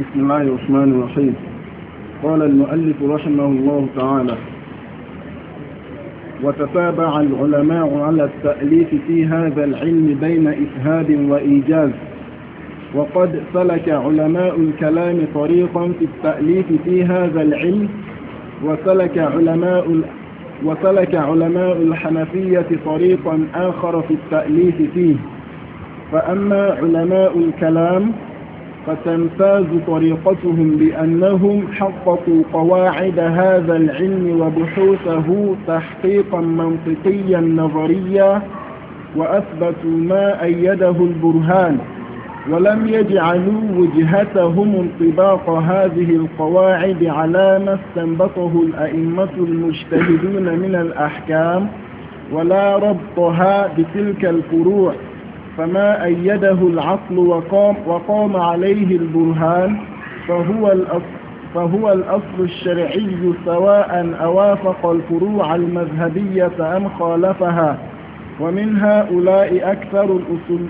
بسم الله الرحمن الرحيم قال المؤلف رحمه الله تعالى وتتابع العلماء على التأليف في هذا العلم بين إسهاد وإيجاز وقد سلك علماء الكلام طريقا في التأليف في هذا العلم وسلك علماء وسلك علماء الحنفية طريقا آخر في التأليف فيه فأما علماء الكلام فتنفاز طريقتهم بأنهم حققوا قواعد هذا العلم وبحوثه تحقيقا منطقيا نظريا وأثبتوا ما أيده البرهان ولم يجعلوا وجهتهم انطباق هذه القواعد على ما استنبطه الأئمة المجتهدون من الأحكام ولا ربطها بتلك الفروع فما أيده العقل وقام, وقام عليه البرهان فهو الأصل فهو الأصل الشرعي سواء أوافق الفروع المذهبية أم خالفها ومن هؤلاء أكثر الأصول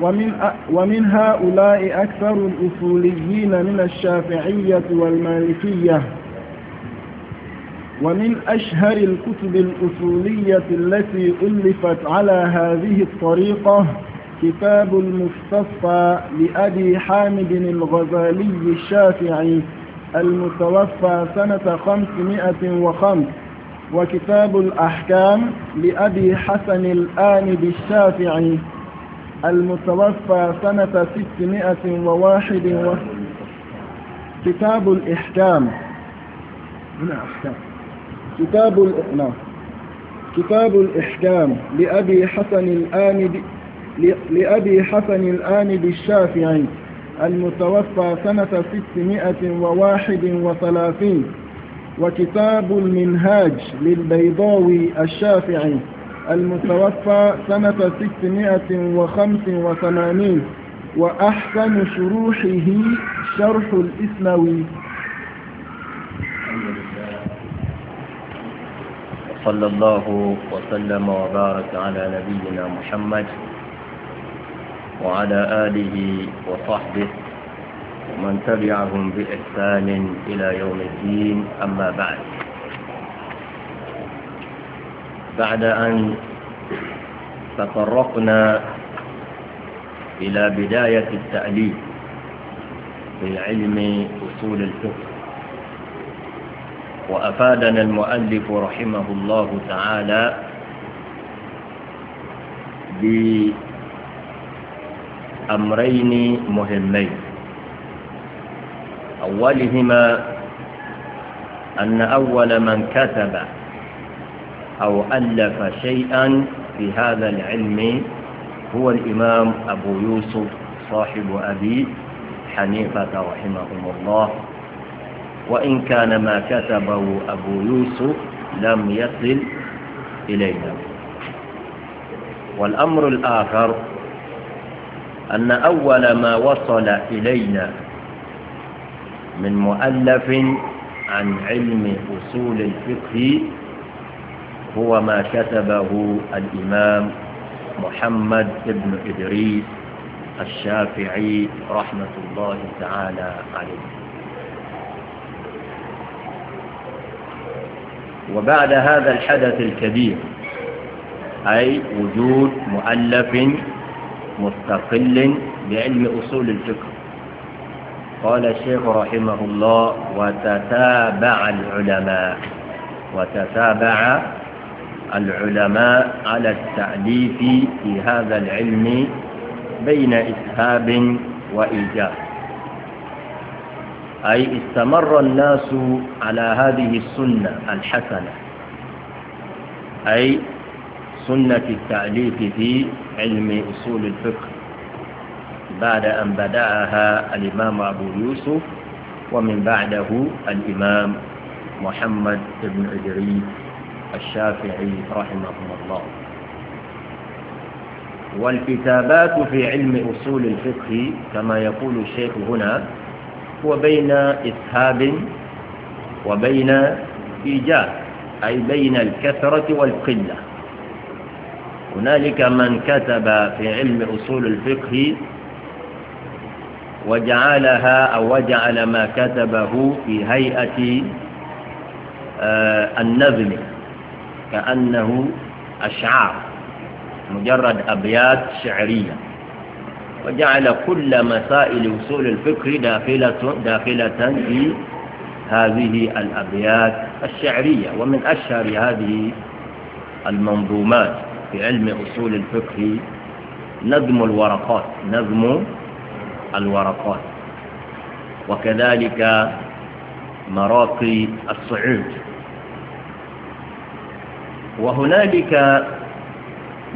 ومن, ومن هؤلاء أكثر الأصوليين من الشافعية والمالكية ومن أشهر الكتب الأصولية التي ألفت على هذه الطريقة كتاب المستصفى لأبي حامد الغزالي الشافعي المتوفى سنة 505 وكتاب الأحكام لأبي حسن الآند الشافعي المتوفى سنة 601 و... كتاب الإحكام هنا أحكام كتاب الإحكام نعم. كتاب الإحكام لأبي حسن الآند لأبي حسن الآن بالشافعي المتوفى سنة 631 وكتاب المنهاج للبيضاوي الشافعي المتوفى سنة 685 وأحسن شروحه شرح الإسلوي صلى الله وسلم وبارك على نبينا محمد وعلى آله وصحبه ومن تبعهم بإحسان إلى يوم الدين أما بعد بعد أن تطرقنا إلى بداية التأليف في علم أصول الفقه وأفادنا المؤلف رحمه الله تعالى بأسفل أمرين مهمين أولهما أن أول من كتب أو ألف شيئا في هذا العلم هو الإمام أبو يوسف صاحب أبي حنيفة رحمه الله وإن كان ما كتبه أبو يوسف لم يصل إلينا والأمر الآخر أن أول ما وصل إلينا من مؤلف عن علم أصول الفقه هو ما كتبه الإمام محمد بن إدريس الشافعي رحمة الله تعالى عليه وبعد هذا الحدث الكبير أي وجود مؤلف مستقل بعلم أصول الفقه قال الشيخ رحمه الله وتتابع العلماء وتتابع العلماء على التأليف في هذا العلم بين إسهاب وإيجاب أي استمر الناس على هذه السنة الحسنة أي سنة التأليف في علم أصول الفقه بعد أن بدأها الإمام أبو يوسف ومن بعده الإمام محمد بن إدريس الشافعي رحمه الله والكتابات في علم أصول الفقه كما يقول الشيخ هنا هو بين إسهاب وبين إيجاد أي بين الكثرة والقلة هنالك من كتب في علم أصول الفقه وجعلها أو وجعل ما كتبه في هيئة آه، النظم كأنه أشعار مجرد أبيات شعرية وجعل كل مسائل أصول الفقه داخلة, داخلة في هذه الأبيات الشعرية ومن أشهر هذه المنظومات في علم أصول الفقه نظم الورقات نظم الورقات وكذلك مراقي الصعود وهنالك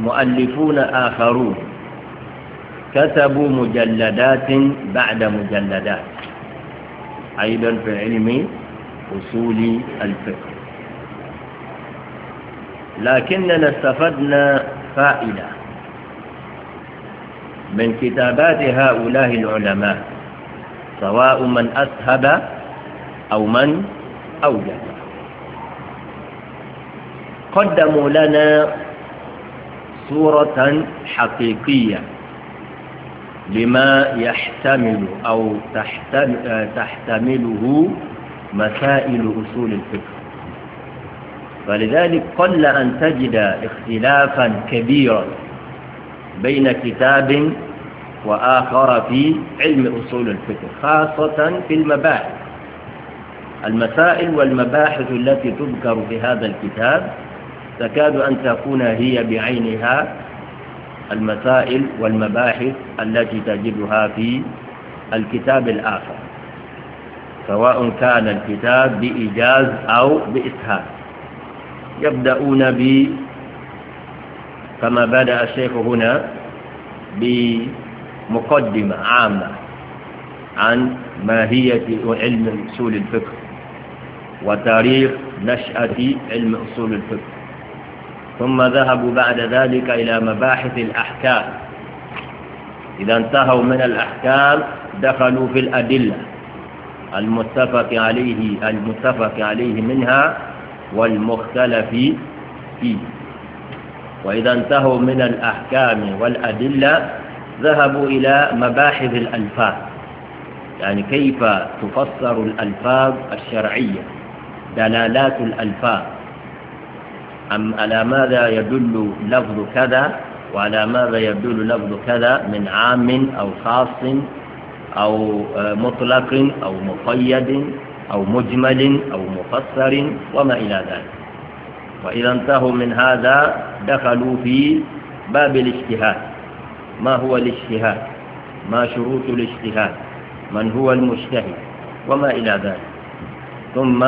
مؤلفون آخرون كتبوا مجلدات بعد مجلدات أيضا في علم أصول الفقه لكننا استفدنا فائدة من كتابات هؤلاء العلماء سواء من أسهب أو من أوجد قدموا لنا صورة حقيقية لما يحتمل أو تحتمله مسائل أصول الفكر فلذلك قل أن تجد اختلافا كبيرا بين كتاب وآخر في علم أصول الفقه خاصة في المباحث المسائل والمباحث التي تذكر في هذا الكتاب تكاد أن تكون هي بعينها المسائل والمباحث التي تجدها في الكتاب الآخر سواء كان الكتاب بإيجاز أو بإسهاب يبدأون ب كما بدأ الشيخ هنا بمقدمة عامة عن ماهية علم أصول الفقه وتاريخ نشأة علم أصول الفقه ثم ذهبوا بعد ذلك إلى مباحث الأحكام إذا انتهوا من الأحكام دخلوا في الأدلة المتفق عليه المتفق عليه منها والمختلف فيه وإذا انتهوا من الأحكام والأدلة ذهبوا إلى مباحث الألفاظ يعني كيف تفسر الألفاظ الشرعية دلالات الألفاظ أم على ماذا يدل لفظ كذا وعلى ماذا يدل لفظ كذا من عام أو خاص أو آه، مطلق أو مقيد أو مجمل أو مفسر وما إلى ذلك وإذا انتهوا من هذا دخلوا في باب الاجتهاد ما هو الاجتهاد ما شروط الاجتهاد من هو المجتهد وما إلى ذلك ثم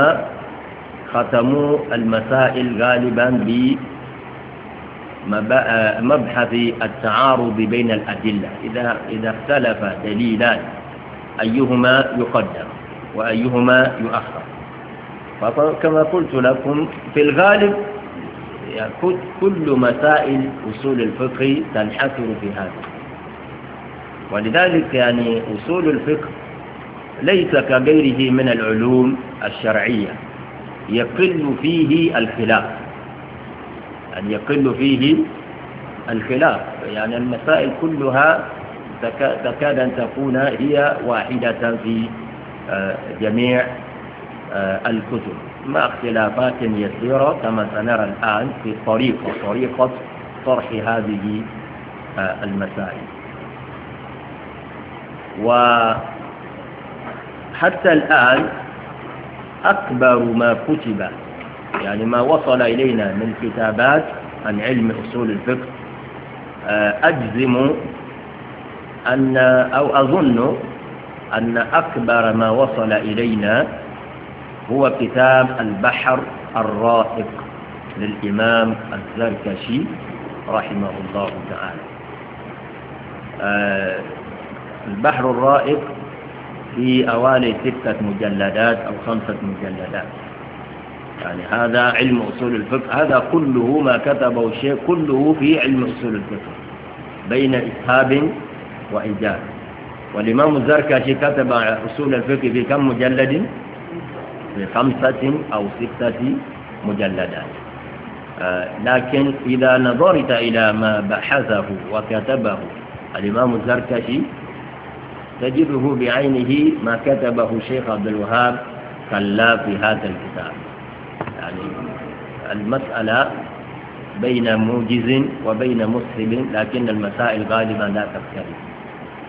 ختموا المسائل غالبا بمبحث التعارض بين الأدلة إذا, إذا اختلف دليلان أيهما يقدم وأيهما يؤخر فكما قلت لكم في الغالب يعني كل مسائل أصول الفقه تنحصر في هذا ولذلك يعني أصول الفقه ليس كغيره من العلوم الشرعية يقل فيه الخلاف أن يعني يقل فيه الخلاف يعني المسائل كلها تكاد أن تكون هي واحدة في آه، جميع آه، الكتب مع اختلافات يسيرة كما سنرى الآن في طريقة طريقة طرح هذه آه، المسائل وحتى الآن أكبر ما كتب يعني ما وصل إلينا من كتابات عن علم أصول الفقه أجزم أن أو أظن أن أكبر ما وصل إلينا هو كتاب البحر الرائق للإمام الزركشي رحمه الله تعالى آه، البحر الرائق في أوالي ستة مجلدات أو خمسة مجلدات يعني هذا علم أصول الفقه هذا كله ما كتبه الشيخ كله في علم أصول الفقه بين إسهاب وإيجاب والإمام الزركشي كتب أصول الفقه في كم مجلد في خمسة أو ستة مجلدات آه، لكن إذا نظرت إلى ما بحثه وكتبه الإمام الزركشي تجده بعينه ما كتبه الشيخ عبد الوهاب كلا في هذا الكتاب يعني المسألة بين موجز وبين مسلم لكن المسائل غالبا لا تختلف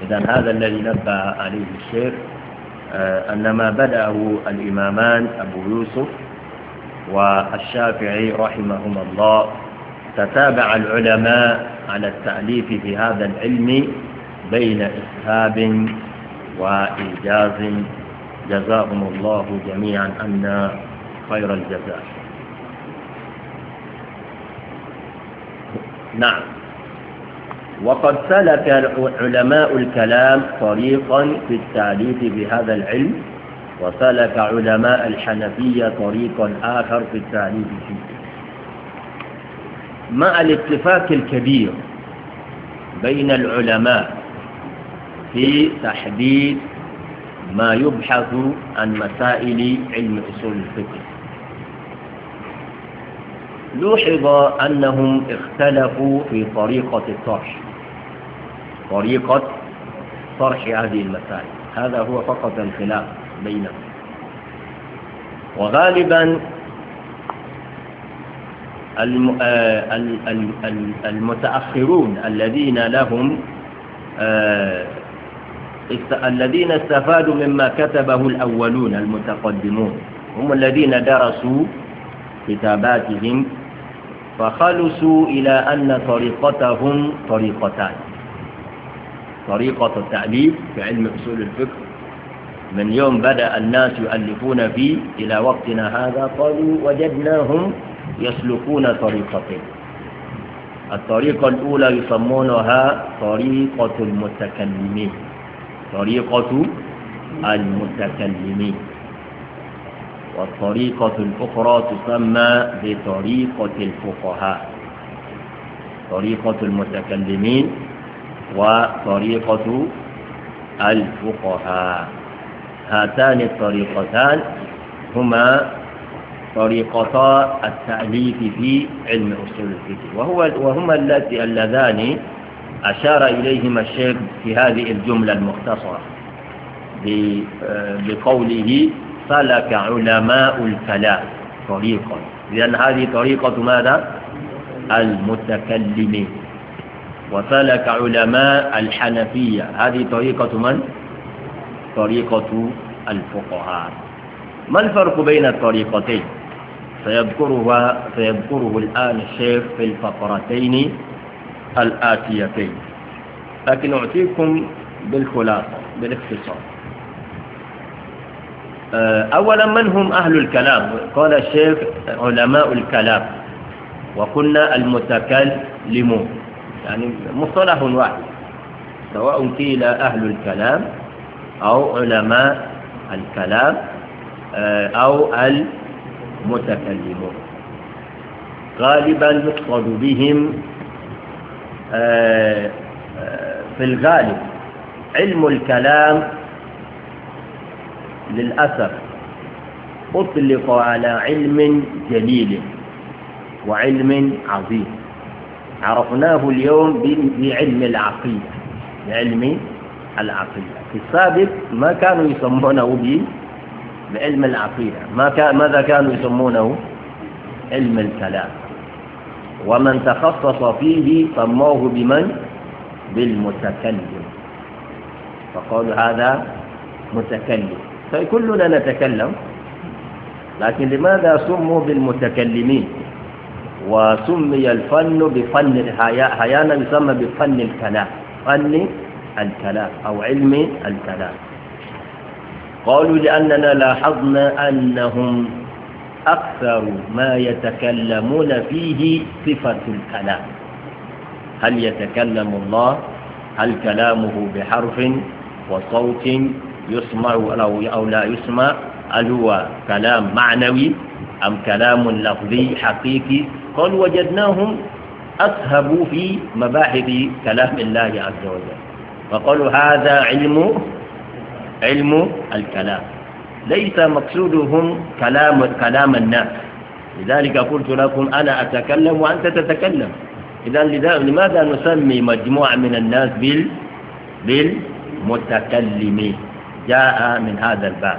إذا هذا الذي نبه عليه الشيخ آه، أن ما بدأه الإمامان أبو يوسف والشافعي رحمهما الله تتابع العلماء على التأليف في هذا العلم بين إسهاب وإيجاز جزاهم الله جميعا أن خير الجزاء نعم وقد سلك علماء الكلام طريقا في التعريف بهذا العلم وسلك علماء الحنفية طريقا آخر في التعريف فيه مع الاتفاق الكبير بين العلماء في تحديد ما يبحث عن مسائل علم أصول الفقه لوحظ أنهم اختلفوا في طريقة الطرح طريقة طرح هذه المسائل هذا هو فقط الخلاف بينهم وغالبا آه، المتأخرون الذين لهم آه، الذين استفادوا مما كتبه الأولون المتقدمون هم الذين درسوا كتاباتهم فخلصوا إلى أن طريقتهم طريقتان طريقة التأليف في علم أصول الفقه من يوم بدأ الناس يؤلفون فيه إلى وقتنا هذا قالوا وجدناهم يسلكون طريقتين الطريقة الأولى يسمونها طريقة المتكلمين طريقة المتكلمين والطريقة الأخرى تسمى بطريقة الفقهاء طريقة المتكلمين وطريقة الفقهاء هاتان الطريقتان هما طريقتا التأليف في علم أصول الفقه وهو وهما اللذان أشار إليهما الشيخ في هذه الجملة المختصرة بقوله سلك علماء الكلام طريقا لأن هذه طريقة ماذا؟ المتكلمين وسلك علماء الحنفية هذه طريقة من؟ طريقة الفقهاء ما الفرق بين الطريقتين؟ سيذكرها سيذكره الآن الشيخ في الفقرتين الآتيتين لكن أعطيكم بالخلاصة بالاختصار آه، أولا من هم أهل الكلام قال الشيخ علماء الكلام وقلنا المتكلمون يعني مصطلح واحد سواء قيل أهل الكلام أو علماء الكلام آه، أو المتكلمون غالبا يقصد بهم آه، آه، في الغالب علم الكلام للأسف أطلق على علم جليل وعلم عظيم عرفناه اليوم بعلم العقيدة بعلم العقيدة في السابق ما كانوا يسمونه بعلم العقيدة ما كان ماذا كانوا يسمونه علم الكلام ومن تخصص فيه سموه بمن بالمتكلم فقالوا هذا متكلم فكلنا طيب، نتكلم لكن لماذا سموا بالمتكلمين وسمي الفن بفن هيانا يسمى بفن الكلام فن الكلام أو علم الكلام قالوا لأننا لاحظنا أنهم أكثر ما يتكلمون فيه صفة الكلام هل يتكلم الله هل كلامه بحرف وصوت يسمع أو لا يسمع هل هو كلام معنوي أم كلام لفظي حقيقي قال وجدناهم أسهبوا في مباحث كلام الله عز وجل فقالوا هذا علم علم الكلام ليس مقصودهم كلام كلام الناس لذلك قلت لكم أنا أتكلم وأنت تتكلم إذا لماذا نسمي مجموعة من الناس بال بالمتكلمين جاء من هذا الباب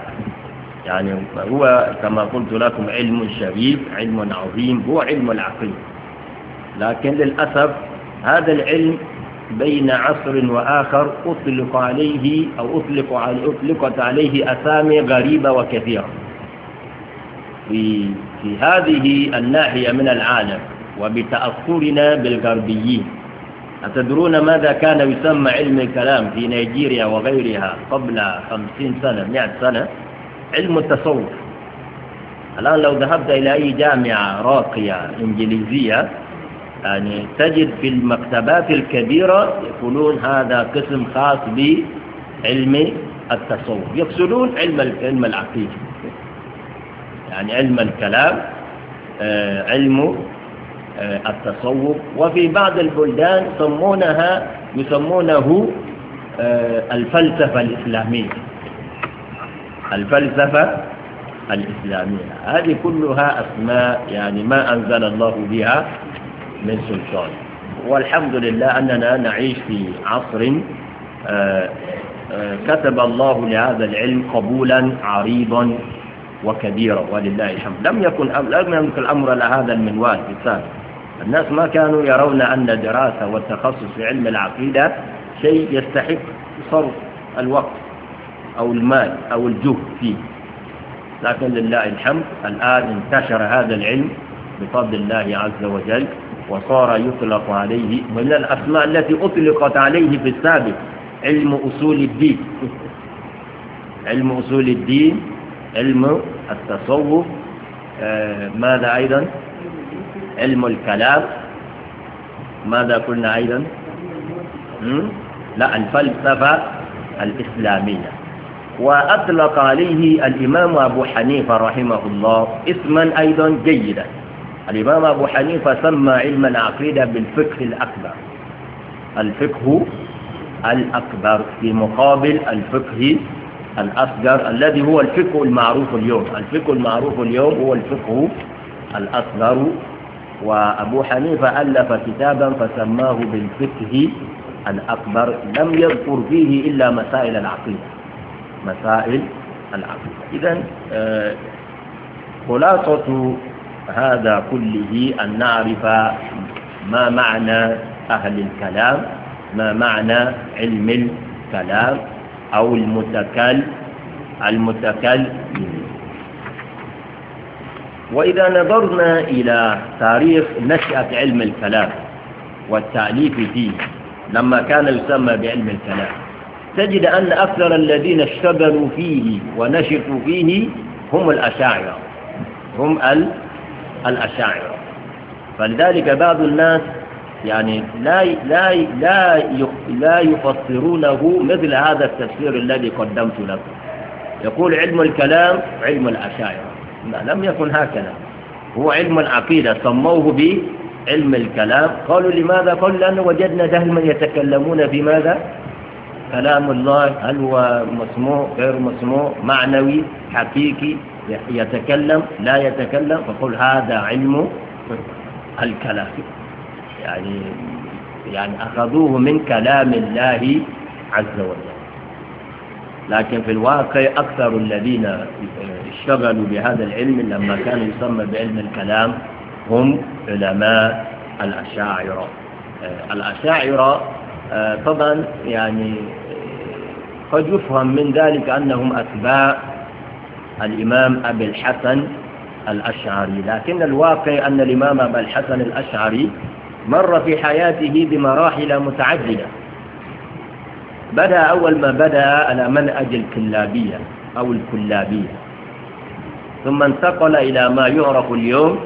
يعني هو كما قلت لكم علم شريف علم عظيم هو علم العقيد لكن للأسف هذا العلم بين عصر وآخر أطلق عليه أو أطلق علي أطلقت عليه أسامي غريبة وكثيرة في في هذه الناحية من العالم وبتأثرنا بالغربيين أتدرون ماذا كان يسمى علم الكلام في نيجيريا وغيرها قبل خمسين سنة مئة سنة علم التصوف الآن لو ذهبت إلى أي جامعة راقية إنجليزية يعني تجد في المكتبات الكبيرة يقولون هذا قسم خاص بعلم التصوف يقصدون علم علم العقيدة يعني علم الكلام آه، علم آه، التصوف وفي بعض البلدان يسمونها يسمونه آه، الفلسفة الإسلامية الفلسفة الإسلامية هذه كلها أسماء يعني ما أنزل الله بها من سلطان والحمد لله أننا نعيش في عصر آه، آه، كتب الله لهذا العلم قبولا عريضا وكبيرا ولله الحمد لم يكن لم يكن الأمر لهذا المنوال بالسابق الناس ما كانوا يرون أن دراسة والتخصص في علم العقيدة شيء يستحق صرف الوقت أو المال أو الجهد فيه لكن لله الحمد الآن انتشر هذا العلم بفضل الله عز وجل وصار يطلق عليه من الأسماء التي أطلقت عليه في السابق علم أصول الدين علم أصول الدين علم التصوف آه، ماذا أيضا علم الكلام ماذا قلنا أيضا لا الفلسفة الإسلامية وأطلق عليه الإمام أبو حنيفة رحمه الله اسما أيضا جيدا الإمام أبو حنيفة سمى علم العقيدة بالفقه الأكبر الفقه الأكبر في مقابل الفقه الأصغر الذي هو الفقه المعروف اليوم الفقه المعروف اليوم هو الفقه الأصغر وأبو حنيفة ألف كتابا فسماه بالفقه الأكبر لم يذكر فيه إلا مسائل العقيدة مسائل العقيدة إذا آه، خلاصة هذا كله أن نعرف ما معنى أهل الكلام ما معنى علم الكلام أو المتكل المتكل وإذا نظرنا إلى تاريخ نشأة علم الكلام والتأليف فيه لما كان يسمى بعلم الكلام تجد أن أكثر الذين اشتغلوا فيه ونشطوا فيه هم الأشاعرة هم الأشاعرة فلذلك بعض الناس يعني لا لا لا لا يفسرونه مثل هذا التفسير الذي قدمت لكم يقول علم الكلام علم الأشاعرة لا لم يكن هكذا هو علم العقيدة سموه بعلم الكلام قالوا لماذا قالوا لأن وجدنا دائما يتكلمون في ماذا كلام الله هل هو مسموع غير مسموع معنوي حقيقي يتكلم لا يتكلم فقل هذا علم الكلام يعني يعني أخذوه من كلام الله عز وجل لكن في الواقع أكثر الذين اشتغلوا بهذا العلم لما كان يسمى بعلم الكلام هم علماء الأشاعرة آه، الأشاعرة آه، طبعا يعني قد يفهم من ذلك أنهم أتباع الإمام أبي الحسن الأشعري لكن الواقع أن الإمام أبي الحسن الأشعري مر في حياته بمراحل متعددة بدأ أول ما بدأ على منهج الكلابية أو الكلابية ثم انتقل إلى ما يعرف اليوم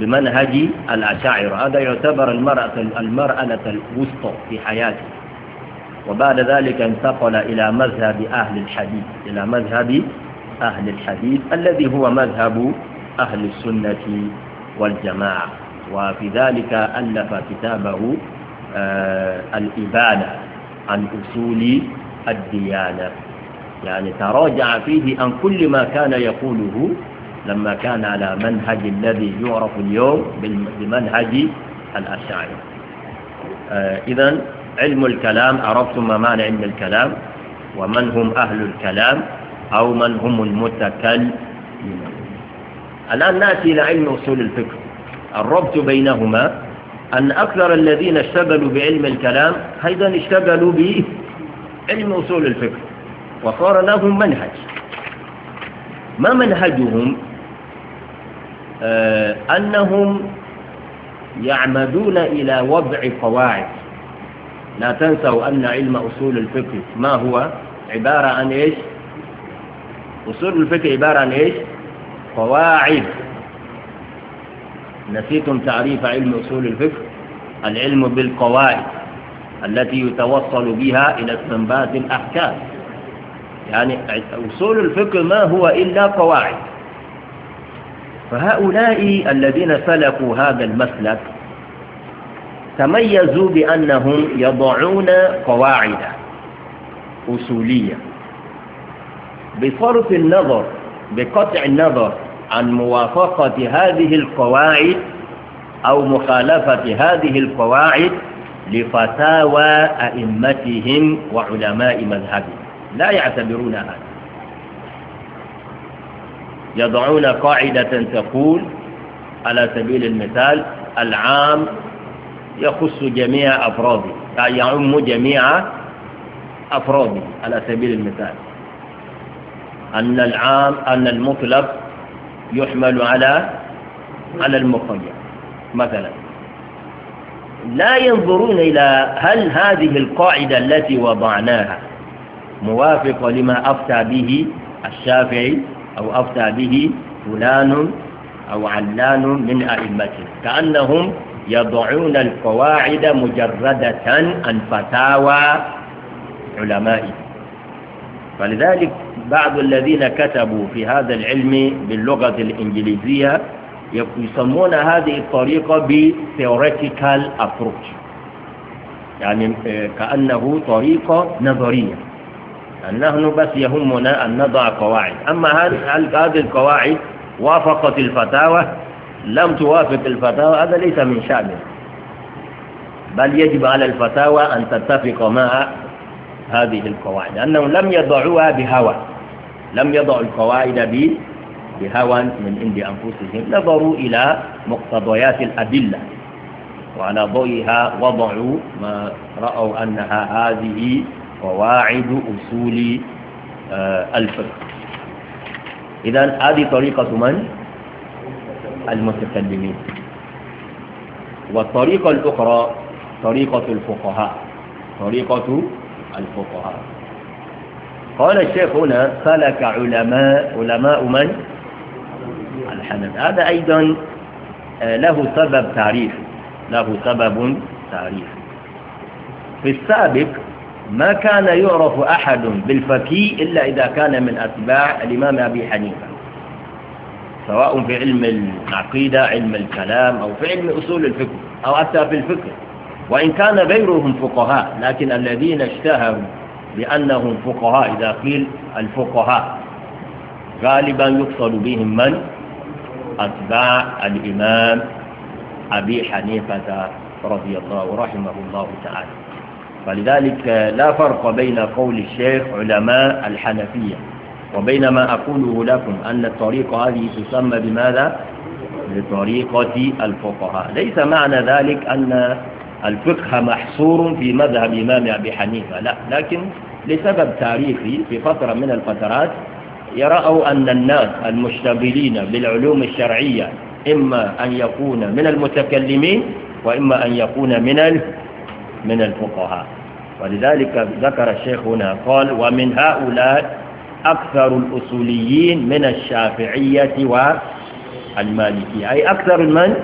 بمنهج الأشاعرة هذا يعتبر المرأة المرأة الوسطى في حياته وبعد ذلك انتقل إلى مذهب أهل الحديث إلى مذهب أهل الحديث الذي هو مذهب أهل السنة والجماعة وفي ذلك ألف كتابه آه الإبانة عن أصول الديانة يعني تراجع فيه عن كل ما كان يقوله لما كان على منهج الذي يعرف اليوم بمنهج الأشاعرة آه إذا علم الكلام عرفتم ما معنى علم الكلام ومن هم أهل الكلام أو من هم المتكلمون الآن نأتي إلى علم أصول الفكر الربط بينهما أن أكثر الذين اشتغلوا بعلم الكلام أيضا اشتغلوا بعلم أصول الفكر وصار لهم منهج ما منهجهم آه أنهم يعمدون إلى وضع قواعد لا تنسوا أن علم أصول الفقه ما هو عبارة عن إيش أصول الفقه عبارة عن إيش قواعد نسيتم تعريف علم أصول الفقه العلم بالقواعد التي يتوصل بها إلى استنباط الأحكام يعني أصول الفقه ما هو إلا قواعد فهؤلاء الذين سلكوا هذا المسلك تميزوا بأنهم يضعون قواعد أصولية بصرف النظر بقطع النظر عن موافقة هذه القواعد أو مخالفة هذه القواعد لفتاوى أئمتهم وعلماء مذهبهم لا يعتبرون هذا يضعون قاعدة تقول على سبيل المثال العام يخص جميع أفراده يعني يعم جميع أفراده على سبيل المثال أن العام أن المطلق يحمل على على المقيد مثلا لا ينظرون إلى هل هذه القاعدة التي وضعناها موافقة لما أفتى به الشافعي أو أفتى به فلان أو علان من أئمته كأنهم يضعون القواعد مجردة عن فتاوى علماء فلذلك بعض الذين كتبوا في هذا العلم باللغة الإنجليزية يسمون هذه الطريقة بـ theoretical approach يعني آه، كأنه طريقة نظرية يعني نحن بس يهمنا أن نضع قواعد أما هل هذه القواعد وافقت الفتاوى لم توافق الفتاوى هذا ليس من شأنه بل يجب على الفتاوى أن تتفق مع هذه القواعد أنهم لم يضعوها بهوى لم يضعوا القواعد بهوى من عند أنفسهم نظروا إلى مقتضيات الأدلة وعلى ضوئها وضعوا ما رأوا أنها هذه قواعد أصول آه، الفقه إذا هذه طريقة من المتكلمين والطريقة الأخرى طريقة الفقهاء طريقة الفقهاء قال الشيخ هنا سلك علماء علماء من؟ الحنف هذا أيضا آه، له سبب تعريف له سبب تعريف في السابق ما كان يعرف أحد بالفكي إلا إذا كان من أتباع الإمام أبي حنيفة سواء في علم العقيدة علم الكلام أو في علم أصول الفكر أو حتى في الفكر وإن كان غيرهم فقهاء لكن الذين اشتهروا بأنهم فقهاء إذا قيل الفقهاء غالبا يقصد بهم من أتباع الإمام أبي حنيفة رضي الله ورحمه الله تعالى فلذلك لا فرق بين قول الشيخ علماء الحنفية وبينما أقوله لكم أن الطريقة هذه تسمى بماذا؟ بطريقة الفقهاء ليس معنى ذلك أن الفقه محصور في مذهب إمام أبي حنيفة لا لكن لسبب تاريخي في فترة من الفترات يرأوا أن الناس المشتغلين بالعلوم الشرعية إما أن يكون من المتكلمين وإما أن يكون من من الفقهاء ولذلك ذكر الشيخ هنا قال ومن هؤلاء أكثر الأصوليين من الشافعية والمالكية أي أكثر من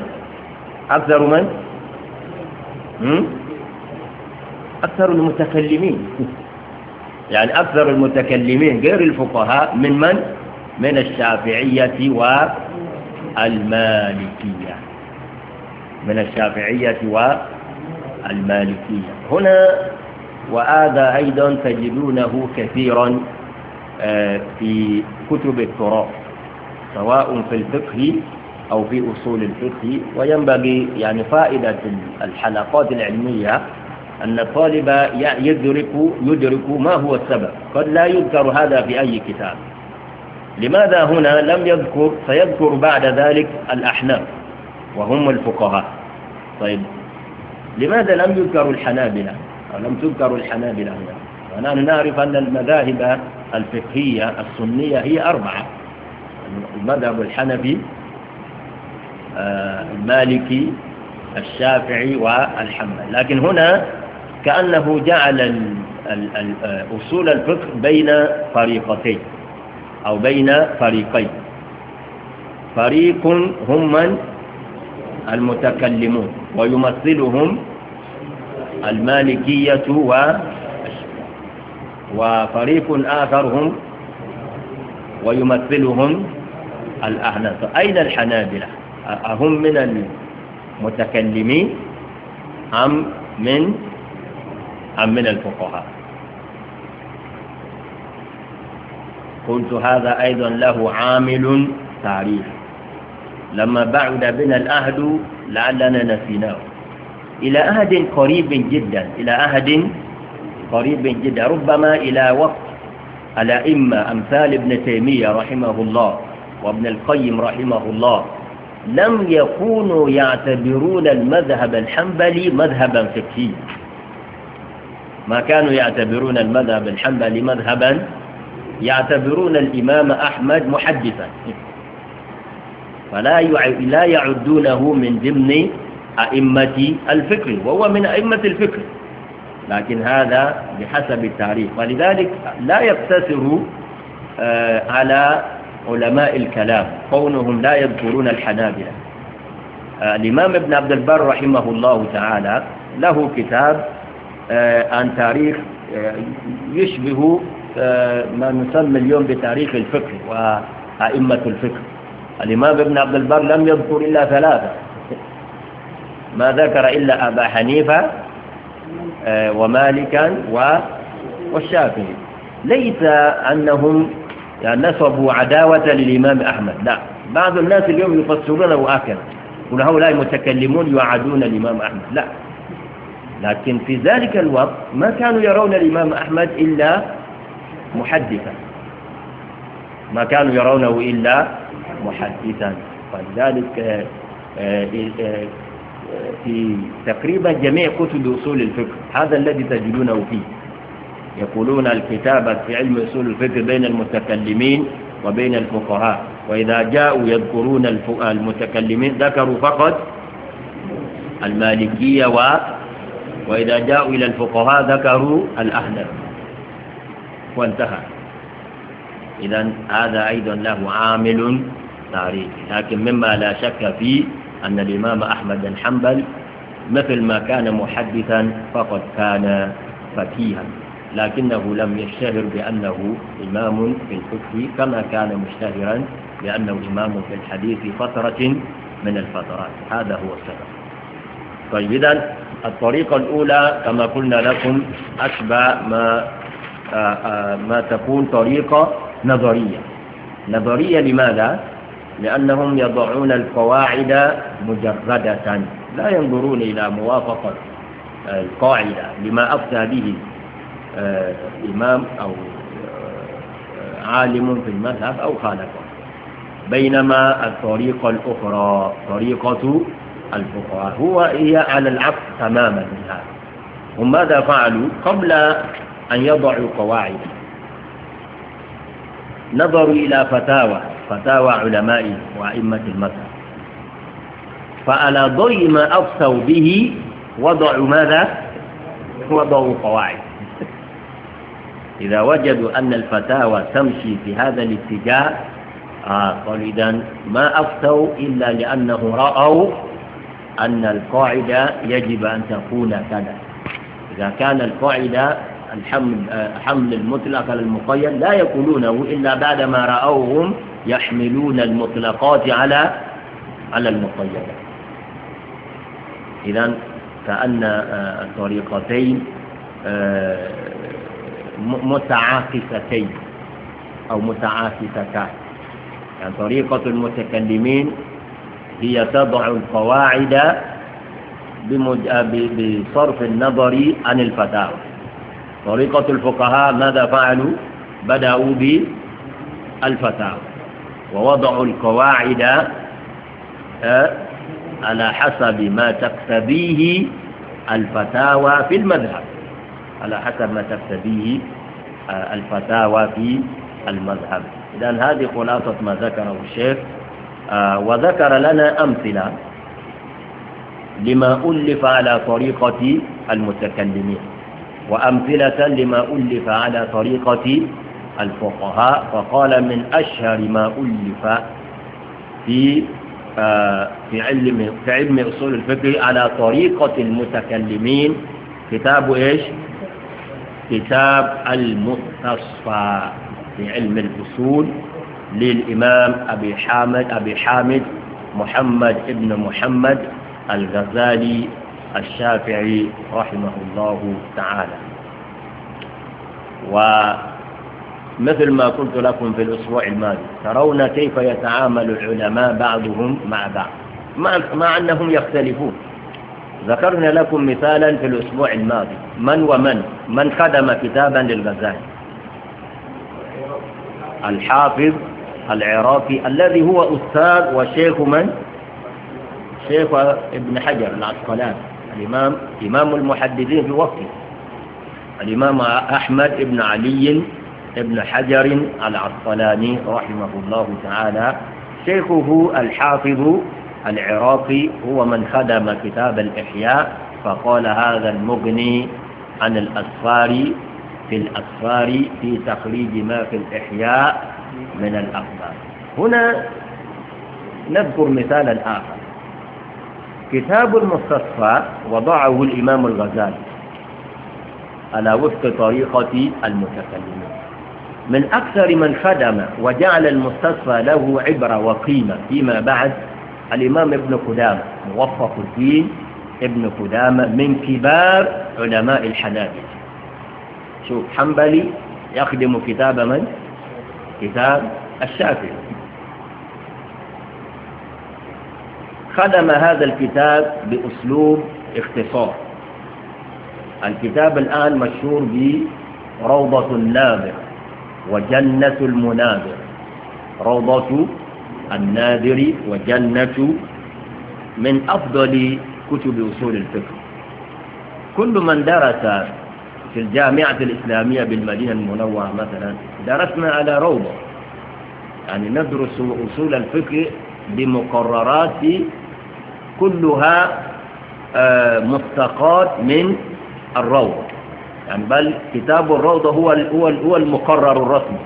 أكثر من أكثر المتكلمين يعني أكثر المتكلمين غير الفقهاء من من من الشافعية والمالكية من الشافعية والمالكية هنا وهذا أيضا تجدونه كثيرا آه، في كتب التراث سواء في الفقه أو في أصول الفقه وينبغي يعني فائدة الحلقات العلمية أن الطالب يدرك, يدرك ما هو السبب قد لا يذكر هذا في أي كتاب لماذا هنا لم يذكر سيذكر بعد ذلك الأحناف وهم الفقهاء طيب لماذا لم يذكر الحنابلة أو لم تذكر الحنابلة هنا ونحن نعرف أن المذاهب الفقهية السنية هي أربعة المذهب الحنفي آه، المالكي الشافعي والحنبلي لكن هنا كأنه جعل آه، أصول الفقه بين فريقتين أو بين فريقين فريق هم من المتكلمون ويمثلهم المالكية وفريق آخر هم ويمثلهم الأحناف أين الحنابلة أهم من المتكلمين أم من أم من الفقهاء قلت هذا أيضا له عامل تعريف لما بعد بنا الأهد لعلنا نسيناه إلى أهد قريب جدا إلى أهد قريب جدا ربما إلى وقت الأئمة أمثال ابن تيمية رحمه الله وابن القيم رحمه الله لم يكونوا يعتبرون المذهب الحنبلي مذهبا فقهيا ما كانوا يعتبرون المذهب الحنبلي مذهبا يعتبرون الإمام أحمد محدثا فلا لا يعدونه من ضمن أئمة الفكر وهو من أئمة الفكر لكن هذا بحسب التعريف ولذلك لا يقتصر آه، على علماء الكلام كونهم لا يذكرون الحنابلة آه، الإمام ابن عبد البر رحمه الله تعالى له كتاب آه، عن تاريخ يشبه ما نسمى اليوم بتاريخ الفقه وأئمة الفقه الإمام ابن عبد البر لم يذكر إلا ثلاثة ما ذكر إلا أبا حنيفة آه، ومالكا والشافعي ليس أنهم نصبوا يعني عداوة للإمام أحمد لا بعض الناس اليوم يفسرونه هكذا يقول هؤلاء المتكلمون يعادون الإمام أحمد لا لكن في ذلك الوقت ما كانوا يرون الإمام أحمد إلا محدثا ما كانوا يرونه إلا محدثا فلذلك آه، آه، في تقريبا جميع كتب أصول الفقه هذا الذي تجدونه فيه يقولون الكتابة في علم أصول الفقه بين المتكلمين وبين الفقهاء وإذا جاءوا يذكرون المتكلمين ذكروا فقط المالكية و وإذا جاءوا إلى الفقهاء ذكروا الأحنف وانتهى إذا هذا أيضا له عامل تاريخي لكن مما لا شك فيه أن الإمام أحمد بن حنبل مثل ما كان محدثا فقد كان فكيها لكنه لم يشتهر بأنه إمام في الفقه كما كان مشتهرا بأنه إمام في الحديث فترة من الفترات هذا هو السبب طيب إذا الطريقة الأولى كما قلنا لكم أشبه ما آآ آه، آآ آه، ما تكون طريقة نظرية نظرية لماذا؟ لأنهم يضعون القواعد مجردة لا ينظرون إلى موافقة آه، القاعدة لما أفتى به آه، إمام أو آه، عالم في المذهب أو خالفه بينما الطريقة الأخرى طريقة الفقهاء هو هي على العكس تماما من هذا هم ماذا فعلوا قبل أن يضعوا قواعد نظروا إلى فتاوى فتاوى علماء وأئمة المذهب فعلى ضي ما أفسوا به وضعوا ماذا وضعوا قواعد إذا وجدوا أن الفتاوى تمشي في هذا الاتجاه آه إذن ما أفتوا إلا لأنه رأوا أن القاعدة يجب أن تكون كذا إذا كان القاعدة الحمل, الحمل آه، المطلق للمقيد لا يقولونه إلا بعدما رأوهم يحملون المطلقات على على المقيدات إذا فأن آه، الطريقتين آه، متعاكستين أو متعاكستان يعني طريقة المتكلمين هي تضع القواعد آه، بصرف النظر عن الفتاوى طريقة الفقهاء ماذا فعلوا بدأوا بالفتاوى ووضعوا القواعد آه، على حسب ما تقتضيه الفتاوى في المذهب على حسب ما تقتضيه آه، الفتاوى في المذهب إذا هذه خلاصة ما ذكره الشيخ آه، وذكر لنا أمثلة لما ألف على طريقة المتكلمين وأمثلة لما ألف على طريقة الفقهاء فقال من أشهر ما ألف في آه، في علم في علم أصول الفقه على طريقة المتكلمين كتاب إيش؟ كتاب المستصفى في علم الأصول للإمام أبي حامد أبي حامد محمد ابن محمد الغزالي الشافعي رحمه الله تعالى و مثل ما قلت لكم في الأسبوع الماضي ترون كيف يتعامل العلماء بعضهم مع بعض مع أنهم يختلفون ذكرنا لكم مثالا في الأسبوع الماضي من ومن من خدم كتابا للغزالي الحافظ العراقي الذي هو أستاذ وشيخ من شيخ ابن حجر العسقلاني الإمام إمام المحدثين في وقته الإمام أحمد ابن علي ابن حجر العطلاني رحمه الله تعالى شيخه الحافظ العراقي هو من خدم كتاب الإحياء فقال هذا المغني عن الأسفار في الأسفار في تخريج ما في الإحياء من الأخبار هنا نذكر مثالا آخر كتاب المستصفى وضعه الإمام الغزالي على وفق طريقة المتكلمين من أكثر من خدم وجعل المستصفى له عبرة وقيمة فيما بعد الإمام ابن قدامة موفق الدين ابن قدامة من كبار علماء الحنابلة شوف حنبلي يخدم كتاب من؟ كتاب الشافعي خدم هذا الكتاب بأسلوب اختصار الكتاب الآن مشهور بروضة النابغ وجنة المناظر روضة الناذر وجنة من أفضل كتب أصول الفقه كل من درس في الجامعة الإسلامية بالمدينة المنورة مثلا درسنا على روضة يعني ندرس أصول الفقه بمقررات كلها آه، مستقات من الروضة يعني بل كتاب الروضة هو هو هو المقرر الرسمي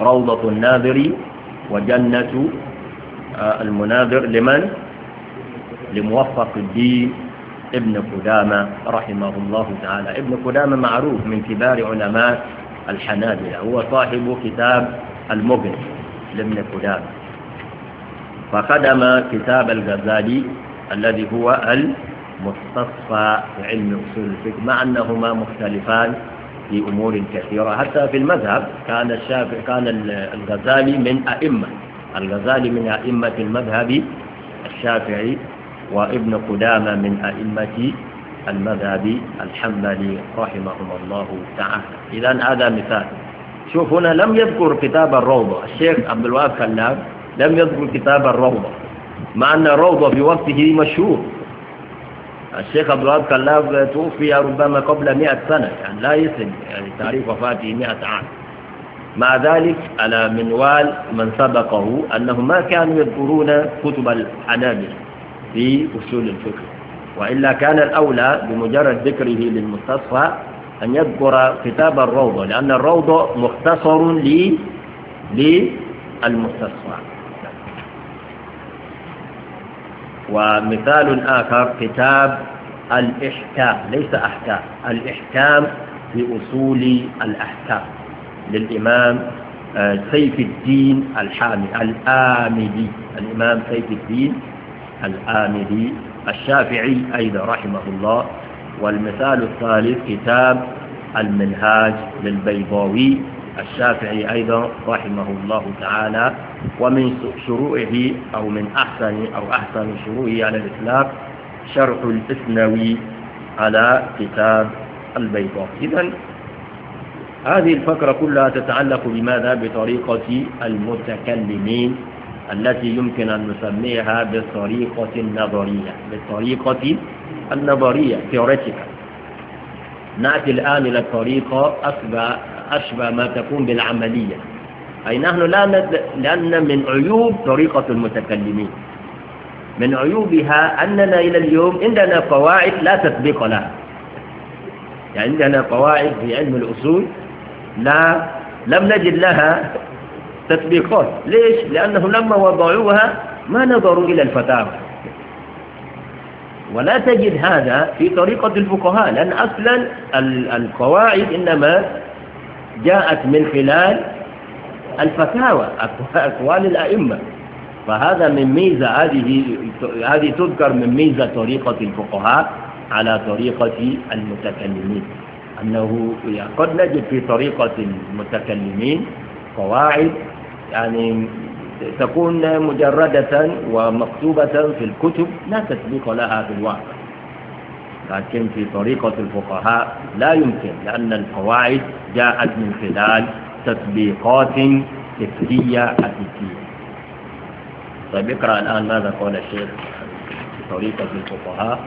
روضة الناظر وجنة آه، المناظر لمن؟ لموفق الدين ابن قدامة رحمه الله تعالى ابن قدامة معروف من كبار علماء الحنابلة هو صاحب كتاب المغني لابن قدامة فقدم كتاب الغزالي الذي هو مستصفى علم أصول الفقه مع أنهما مختلفان في أمور كثيرة حتى في المذهب كان الشافعي كان الغزالي من أئمة الغزالي من أئمة المذهب الشافعي وابن قدامة من أئمة المذهب الحنبلي رحمهم الله تعالى إذا هذا مثال شوف هنا لم يذكر كتاب الروضة الشيخ عبد الوهاب خلاف لم يذكر كتاب الروضة مع أن الروضة في وقته مشهور الشيخ عبد الوهاب كلاف توفي ربما قبل 100 سنة يعني لا يسن يعني تاريخ وفاته 100 عام مع ذلك على منوال من سبقه أنهم ما كانوا يذكرون كتب الحنابلة في أصول الفقه وإلا كان الأولى بمجرد ذكره للمستصفى أن يذكر كتاب الروضة لأن الروضة مختصر للمستصفى ومثال آخر كتاب الإحكام ليس أحكام الإحكام في أصول الأحكام للإمام آه، سيف الدين الحامي الآمدي الإمام سيف الدين الآمدي الشافعي أيضا رحمه الله والمثال الثالث كتاب المنهاج للبيضاوي الشافعي أيضا رحمه الله تعالى ومن شروعه أو من أحسن أو أحسن شروعه على الإطلاق شرح الإثنوي على كتاب البيضاء إذا هذه الفكرة كلها تتعلق بماذا بطريقة المتكلمين التي يمكن أن نسميها بالطريقة النظرية بالطريقة النظرية theoretical نأتي الآن إلى الطريقة أتبع أشبه ما تكون بالعملية أي نحن لا ند... لأن من عيوب طريقة المتكلمين من عيوبها أننا إلى اليوم عندنا قواعد لا تطبيق لها يعني عندنا قواعد في علم الأصول لا لم نجد لها تطبيقات ليش؟ لأنهم لما وضعوها ما نظروا إلى الفتاوى ولا تجد هذا في طريقة الفقهاء لأن أصلا القواعد إنما جاءت من خلال الفتاوى أقوال الأئمة فهذا من ميزة هذه هذه تذكر من ميزة طريقة الفقهاء على طريقة المتكلمين أنه قد نجد في طريقة المتكلمين قواعد يعني تكون مجردة ومكتوبة في الكتب لا تطبيق لها في الواقع لكن في طريقة الفقهاء لا يمكن لأن القواعد جاءت من خلال تطبيقات فكرية حقيقية طيب اقرأ الآن ماذا قال الشيخ في طريقة الفقهاء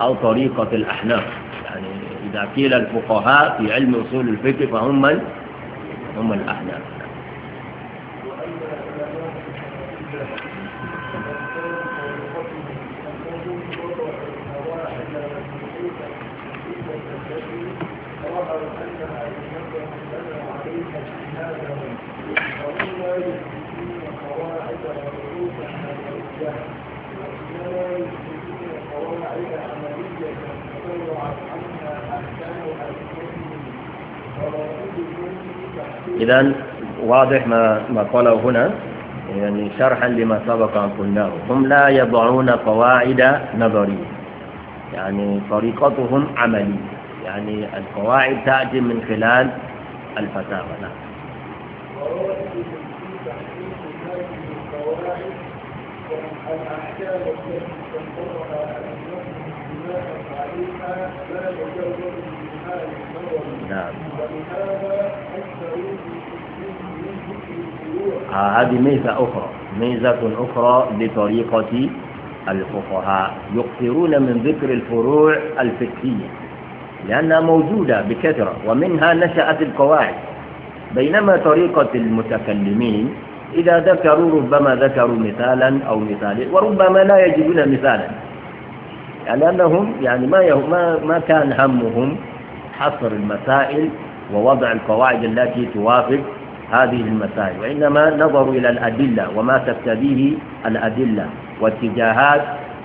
أو طريقة الأحناف يعني إذا قيل الفقهاء في علم أصول الفقه فهم هم الأحناف إذا واضح ما ما قاله هنا يعني شرحا لما سبق أن قلناه هم لا يضعون قواعد نظرية يعني طريقتهم عملية يعني القواعد تأتي من خلال الفتاوى نعم نعم. آه، هذه ميزة أخرى ميزة أخرى لطريقة الفقهاء يكثرون من ذكر الفروع الفقهية لأنها موجودة بكثرة ومنها نشأت القواعد بينما طريقة المتكلمين إذا ذكروا ربما ذكروا مثالا أو مثالين وربما لا يجدون مثالا لأنهم يعني, يعني ما ما ما كان همهم حصر المسائل ووضع القواعد التي توافق هذه المسائل وإنما نظروا إلى الأدلة وما تبتديه الأدلة واتجاهات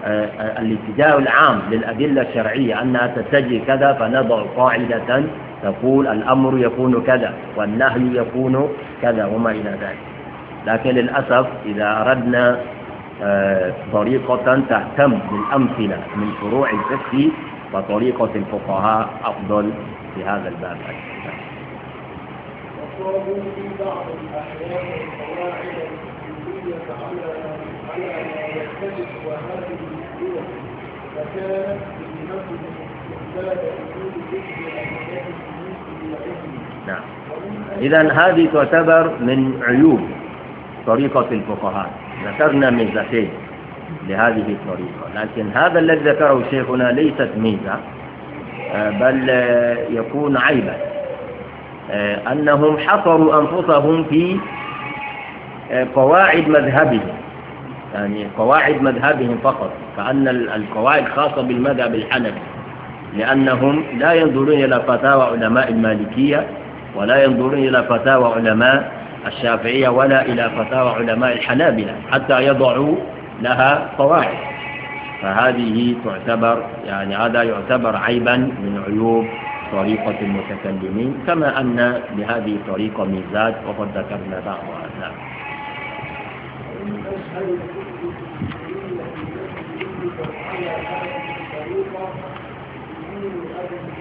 آه، آه، الاتجاه العام للأدلة الشرعية أنها تتجه كذا فنضع قاعدة تقول الأمر يكون كذا والنهي يكون كذا وما إلى ذلك لكن للأسف إذا أردنا آه، طريقة تهتم بالأمثلة من فروع الفقه فطريقة الفقهاء أفضل في هذا الباب وصابوا في بعض الأحيان القواعد الفقهية على ما يختلف وهذه فكانت ذكر نعم إذا هذه تعتبر من عيوب طريقة الفقهاء ذكرنا ميزتين لهذه الطريقة لكن هذا الذي ذكره شيخنا ليست ميزة آه، بل آه، يكون عيبا آه، أنهم حصروا أنفسهم في قواعد مذهبهم يعني قواعد مذهبهم فقط كأن القواعد خاصة بالمذهب الحنفي لأنهم لا ينظرون إلى فتاوى علماء المالكية ولا ينظرون إلى فتاوى علماء الشافعية ولا إلى فتاوى علماء الحنابلة حتى يضعوا لها قواعد فهذه تعتبر يعني هذا يعتبر عيبا من عيوب طريقة المتكلمين كما أن لهذه الطريقة ميزات وقد ذكرنا بعضها هذا Thank you.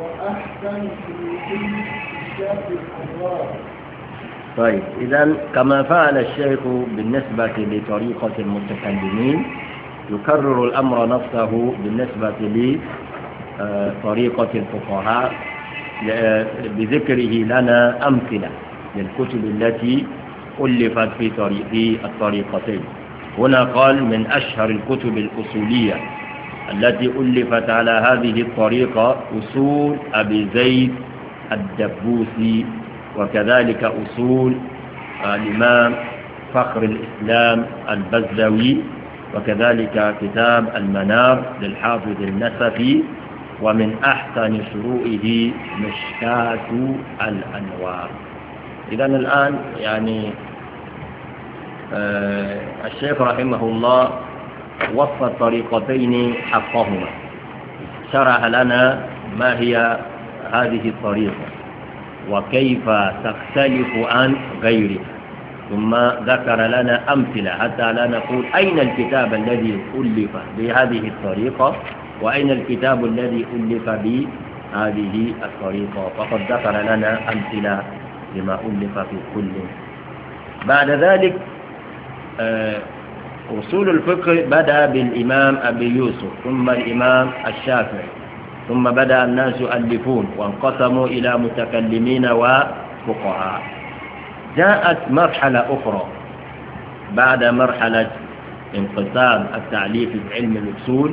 وأحسن طيب إذا كما فعل الشيخ بالنسبة لطريقة المتكلمين يكرر الأمر نفسه بالنسبة لطريقة الفقهاء بذكره لنا أمثلة للكتب التي ألفت في الطريقتين هنا قال من أشهر الكتب الأصولية التي ألفت على هذه الطريقة أصول أبي زيد الدبوسي وكذلك أصول الإمام فخر الإسلام البزوي وكذلك كتاب المنار للحافظ النسفي ومن أحسن شروئه مشكاة الأنوار إذا الآن يعني آه، الشيخ رحمه الله وصف الطريقتين حقهما شرح لنا ما هي هذه الطريقة وكيف تختلف عن غيرها ثم ذكر لنا أمثلة حتى لا نقول أين الكتاب الذي ألف بهذه الطريقة وأين الكتاب الذي ألف بهذه الطريقة فقد ذكر لنا أمثلة لما ألف في كل بعد ذلك آه أصول الفقه بدأ بالإمام أبي يوسف ثم الإمام الشافعي ثم بدأ الناس يؤلفون وانقسموا إلى متكلمين وفقهاء جاءت مرحلة أخرى بعد مرحلة انقسام التعليف بعلم الأصول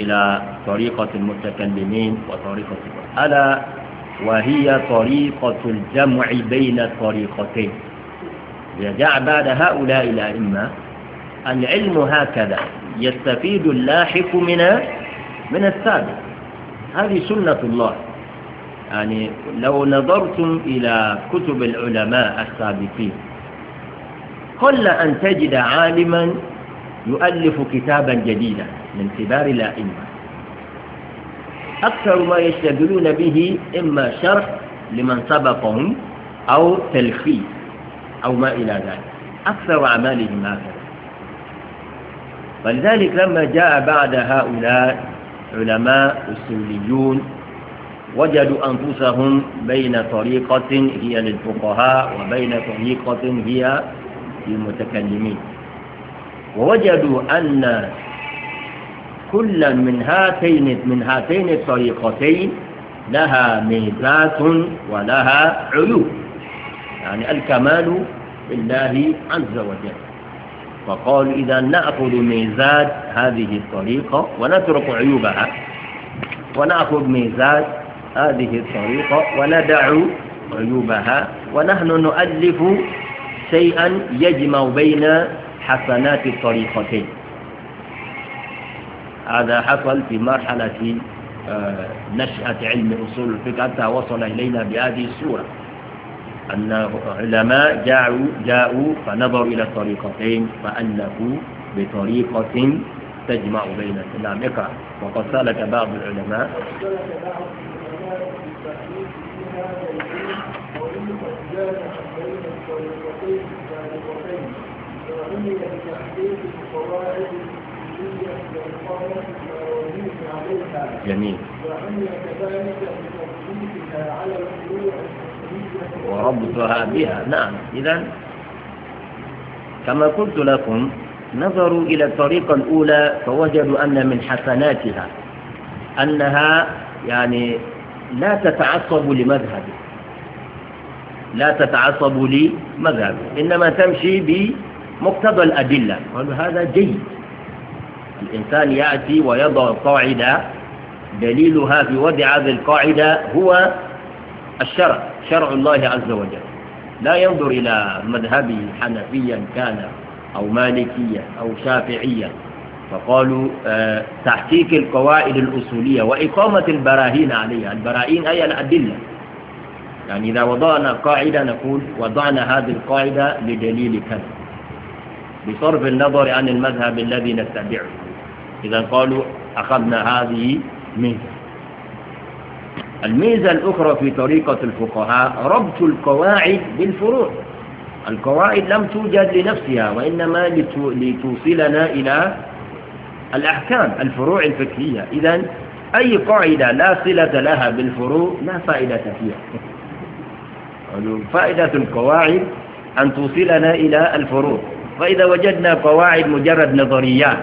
إلى طريقة المتكلمين وطريقة ألا وهي طريقة الجمع بين الطريقتين يجع بعد هؤلاء الأئمة العلم هكذا يستفيد اللاحق من من السابق هذه سنة الله يعني لو نظرتم إلى كتب العلماء السابقين قل أن تجد عالما يؤلف كتابا جديدا من كبار الأئمة أكثر ما يشتغلون به إما شرح لمن سبقهم أو تلخيص أو ما إلى ذلك أكثر أعمالهم هكذا فلذلك لما جاء بعد هؤلاء علماء السوريون وجدوا أنفسهم بين طريقة هي للفقهاء وبين طريقة هي للمتكلمين ووجدوا أن كل من هاتين من هاتين الطريقتين لها ميزات ولها عيوب يعني الكمال لله عز وجل فقالوا إذا نأخذ ميزاد هذه الطريقة ونترك عيوبها ونأخذ ميزاد هذه الطريقة وندع عيوبها ونحن نؤلف شيئا يجمع بين حسنات الطريقتين هذا حصل في مرحلة آه، نشأة علم أصول الفقه حتى وصل إلينا بهذه الصورة أن علماء جاءوا, جاءوا فنظروا إلى الطريقتين فأنه بطريقة تجمع بين الإسلام وقد سألك بعض العلماء عليها. جميل. وعمل كذلك بتطبيقها على الفروع وربطها بها نعم إذا كما قلت لكم نظروا إلى الطريقة الأولى فوجدوا أن من حسناتها أنها يعني لا تتعصب لمذهب لا تتعصب لمذهب إنما تمشي بمقتضى الأدلة هذا جيد الإنسان يأتي ويضع قاعدة دليلها في وضع هذه القاعدة هو الشرع شرع الله عز وجل لا ينظر إلى مذهبه حنفيا كان أو مالكيا أو شافعيا فقالوا آه، تحقيق القواعد الأصولية وإقامة البراهين عليها البراهين أي الأدلة يعني إذا وضعنا قاعدة نقول وضعنا هذه القاعدة لدليل كذا بصرف النظر عن المذهب الذي نتبعه إذا قالوا أخذنا هذه منه الميزة الأخرى في طريقة الفقهاء ربط القواعد بالفروع القواعد لم توجد لنفسها وإنما لتوصلنا إلى الأحكام الفروع الفكرية إذا أي قاعدة لا صلة لها بالفروع لا فائدة فيها فائدة القواعد أن توصلنا إلى الفروع فإذا وجدنا قواعد مجرد نظريات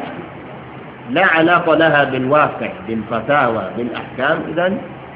لا علاقة لها بالواقع بالفتاوى بالأحكام إذن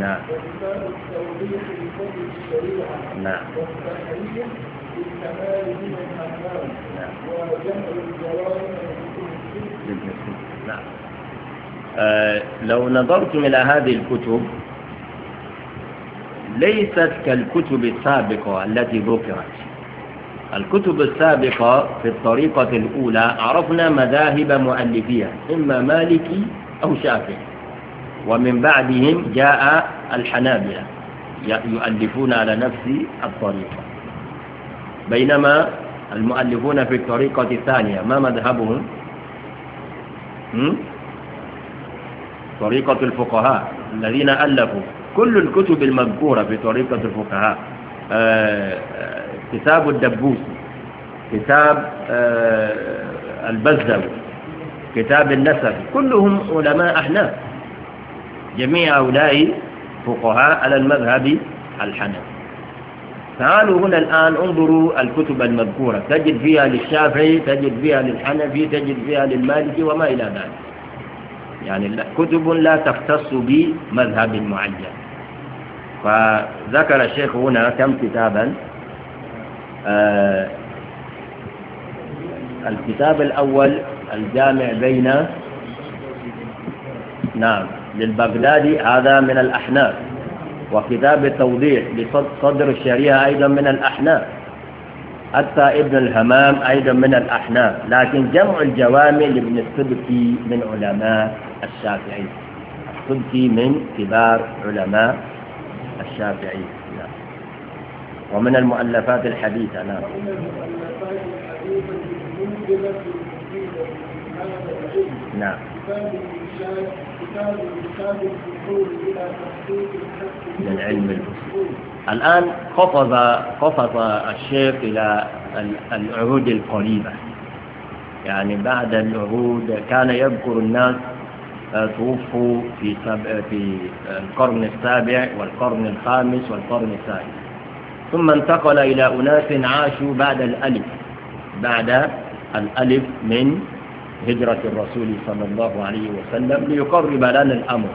نعم نعم نعم آه، لو نظرتم إلى هذه الكتب ليست كالكتب السابقة التي ذكرت الكتب السابقة في الطريقة الأولى عرفنا مذاهب مؤلفية إما مالكي أو شافعي ومن بعدهم جاء الحنابلة يؤلفون على نفس الطريقة بينما المؤلفون في الطريقة الثانية ما مذهبهم طريقة الفقهاء الذين ألفوا كل الكتب المذكورة في طريقة الفقهاء آه، آه، كتاب الدبوس كتاب آه، البزل كتاب النسب كلهم علماء أحناف جميع هؤلاء فقهاء على المذهب الحنفي تعالوا هنا الآن انظروا الكتب المذكورة تجد فيها للشافعي تجد فيها للحنفي تجد فيها للمالكي وما إلى ذلك يعني كتب لا تختص بمذهب معين فذكر الشيخ هنا كم كتابا آه الكتاب الأول الجامع بين نعم للبغدادي هذا من الأحناف وكتاب التوضيح لصدر الشريعة أيضا من الأحناف حتى ابن الهمام أيضا من الأحناف لكن جمع الجوامع لابن السبكي من علماء الشافعي السبكي من كبار علماء الشافعي نعم. ومن المؤلفات الحديثة نعم نعم للعلم الآن قفز قفز الشيخ إلى العهود القريبة يعني بعد العهود كان يذكر الناس آه، توفوا في في آه، القرن السابع والقرن الخامس والقرن الثالث ثم انتقل إلى أناس عاشوا بعد الألف بعد الألف من هجرة الرسول صلى الله عليه وسلم ليقرب لنا الأمر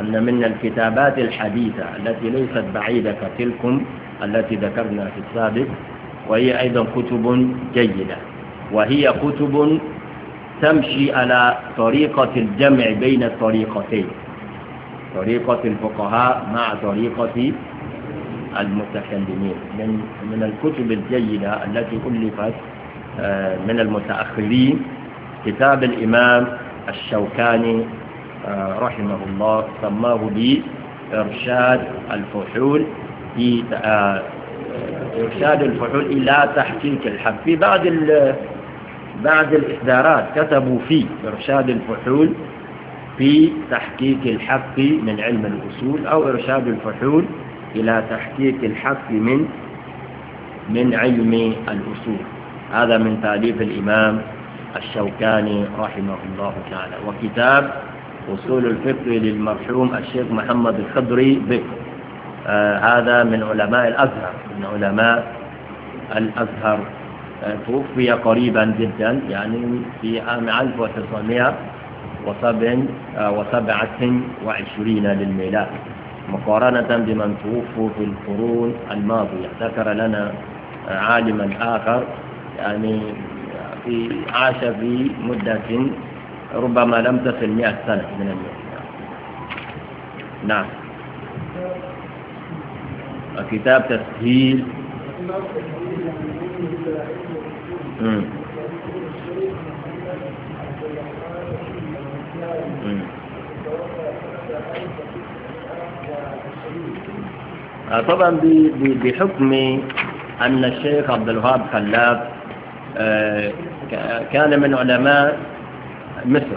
أن من الكتابات الحديثة التي ليست بعيدة كتلكم التي ذكرنا في السابق وهي أيضا كتب جيدة وهي كتب تمشي على طريقة الجمع بين الطريقتين طريقة الفقهاء مع طريقة المتكلمين من من الكتب الجيدة التي ألفت آه، من المتأخرين كتاب الإمام الشوكاني آه، رحمه الله سماه بإرشاد الفحول في آه، آه، إرشاد الفحول إلى تحقيق الحق في بعض بعض الإصدارات كتبوا فيه إرشاد الفحول في تحقيق الحق من علم الأصول أو إرشاد الفحول إلى تحقيق الحق من من علم الأصول هذا من تأليف الإمام الشوكاني رحمه الله تعالى وكتاب أصول الفقه للمرحوم الشيخ محمد الخضري به آه هذا من علماء الأزهر من علماء الأزهر آه توفي قريبا جدا يعني في عام 1927 آه، للميلاد مقارنة بمن توفوا في القرون الماضية ذكر لنا آه، عالما آخر يعني في عاش في مدة ربما لم تصل مئة سنة من اليوم نعم كتاب تسهيل آه، طبعا بحكم أن الشيخ عبد الوهاب خلاف آه، كان من علماء مصر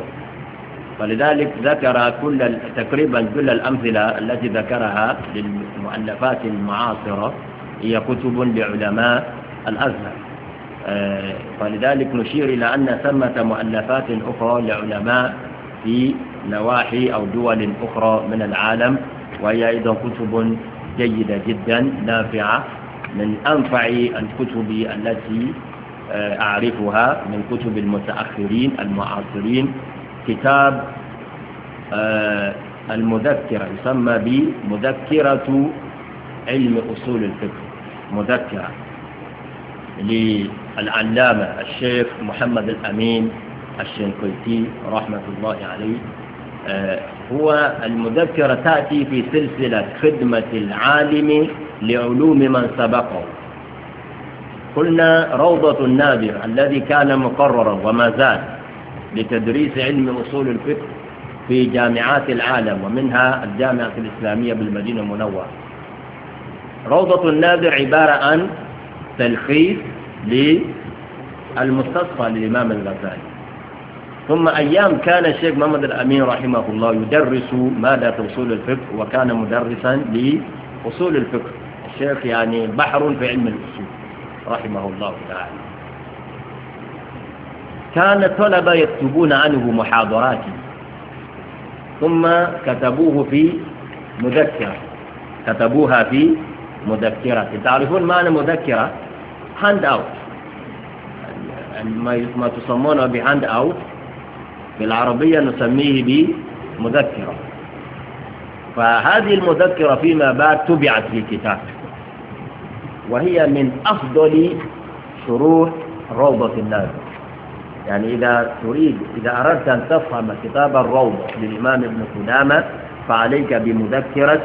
ولذلك ذكر كل تقريبا كل الأمثلة التي ذكرها للمؤلفات المعاصرة هي كتب لعلماء الأزهر فلذلك آه، نشير إلى أن ثمة مؤلفات أخرى لعلماء في نواحي أو دول أخرى من العالم وهي أيضا كتب جيدة جدا نافعة من أنفع الكتب التي آه، أعرفها من كتب المتأخرين المعاصرين كتاب آه، المذكرة يسمى بمذكرة علم أصول الفقه مذكرة للعلامة الشيخ محمد الأمين الشنقيطي رحمة الله عليه آه، هو المذكرة تأتي في سلسلة خدمة العالم لعلوم من سبقه قلنا روضة النادر الذي كان مقررا وما زال لتدريس علم أصول الفقه في جامعات العالم ومنها الجامعة الإسلامية بالمدينة المنورة روضة النادر عبارة عن تلخيص للمستصفى للإمام الغزالي ثم أيام كان الشيخ محمد الأمين رحمه الله يدرس مادة أصول الفقه وكان مدرسا لأصول الفقه الشيخ يعني بحر في علم الأصول رحمه الله تعالى كان الطلبة يكتبون عنه محاضرات ثم كتبوه في مذكرة كتبوها في مذكرة تعرفون معنى مذكرة هاند أوت ما تسمونه بهاند أوت بالعربية نسميه بمذكرة فهذه المذكرة فيما بعد تبعت في كتاب وهي من أفضل شروح روضة النازل يعني إذا تريد إذا أردت أن تفهم كتاب الروضة للإمام ابن قدامة فعليك بمذكرة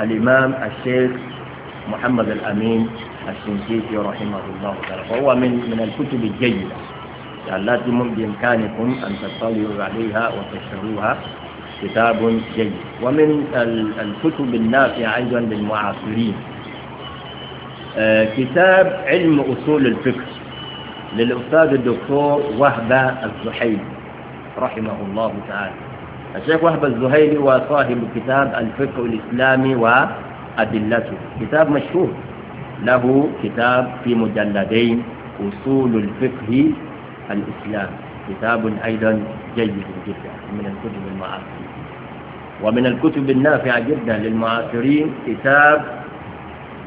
الإمام الشيخ محمد الأمين الشنكيتي رحمه الله تعالى فهو من من الكتب الجيدة التي من بإمكانكم أن تطلعوا عليها وتشتروها كتاب جيد ومن الكتب النافعة أيضا للمعاصرين آه، كتاب علم أصول الفقه للأستاذ الدكتور وهبة الزحيلي رحمه الله تعالى الشيخ وهبة الزهيلي وصاحب كتاب الفقه الإسلامي وأدلته كتاب مشهور له كتاب في مجلدين أصول الفقه الإسلامي كتاب أيضا جيد جدا من الكتب المعاصرين ومن الكتب النافعة جدا للمعاصرين كتاب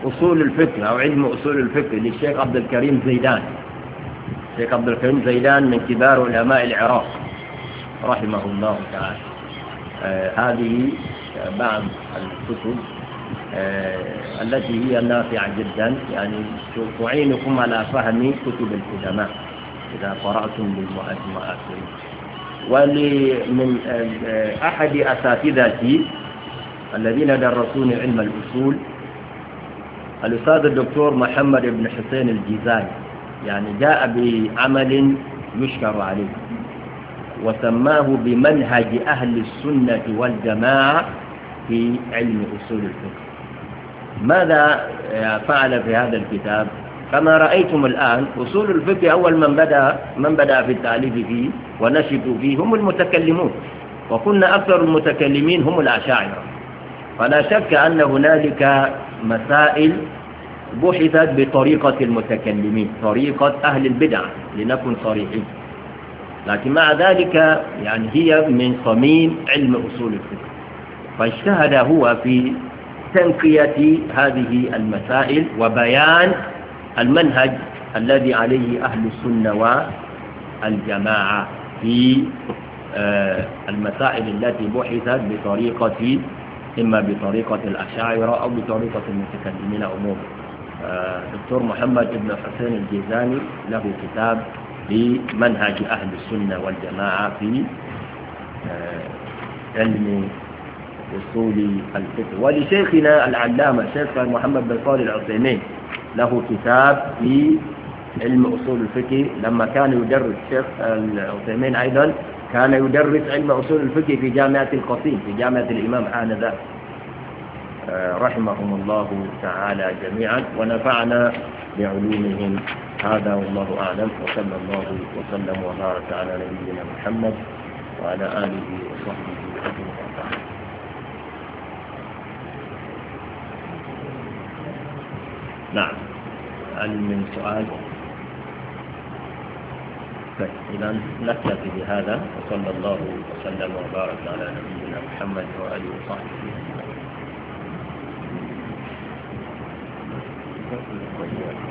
أصول الفقه أو علم أصول الفقه للشيخ عبد الكريم زيدان الشيخ عبد الكريم زيدان من كبار علماء العراق رحمه الله تعالى آه هذه آه، بعض الكتب آه التي هي نافعة جدا يعني تعينكم على فهم كتب القدماء إذا قرأتم بالمؤسسات ومن آه، آه، أحد أساتذتي الذين درسوني علم الأصول الأستاذ الدكتور محمد بن حسين الجيزاني يعني جاء بعمل يشكر عليه وسماه بمنهج أهل السنة والجماعة في علم أصول الفقه ماذا آه، فعل في هذا الكتاب كما رأيتم الآن أصول الفقه أول من بدأ, من بدأ في التأليف فيه ونشطوا فيه هم المتكلمون وكنا أكثر المتكلمين هم الأشاعرة فلا شك أن هنالك مسائل بحثت بطريقة المتكلمين طريقة أهل البدع لنكن صريحين لكن مع ذلك يعني هي من صميم علم أصول الفقه فاجتهد هو في تنقية هذه المسائل وبيان المنهج الذي عليه أهل السنة والجماعة في آه، المسائل التي بحثت بطريقة إما بطريقة الأشاعرة أو بطريقة المتكلمين عموما آه، دكتور محمد بن حسين الجيزاني له كتاب بمنهج أهل السنة والجماعة في آه، علم أصول الفقه ولشيخنا العلامة الشيخ محمد بن صالح العثيمين له كتاب في علم أصول الفقه لما كان يدرس شيخ العثيمين أيضا كان يدرس علم أصول الفقه في جامعة القصيم في جامعة الإمام حانذاك آه، رحمهم الله تعالى جميعا ونفعنا بعلومهم هذا والله أعلم وصلى الله وسلم وبارك على نبينا محمد وعلى آله وصحبه أجمعين نعم هل من سؤال؟ طيب، إذا نكتفي بهذا وصلى الله وسلم وبارك على نبينا محمد وآله وصحبه Thank you.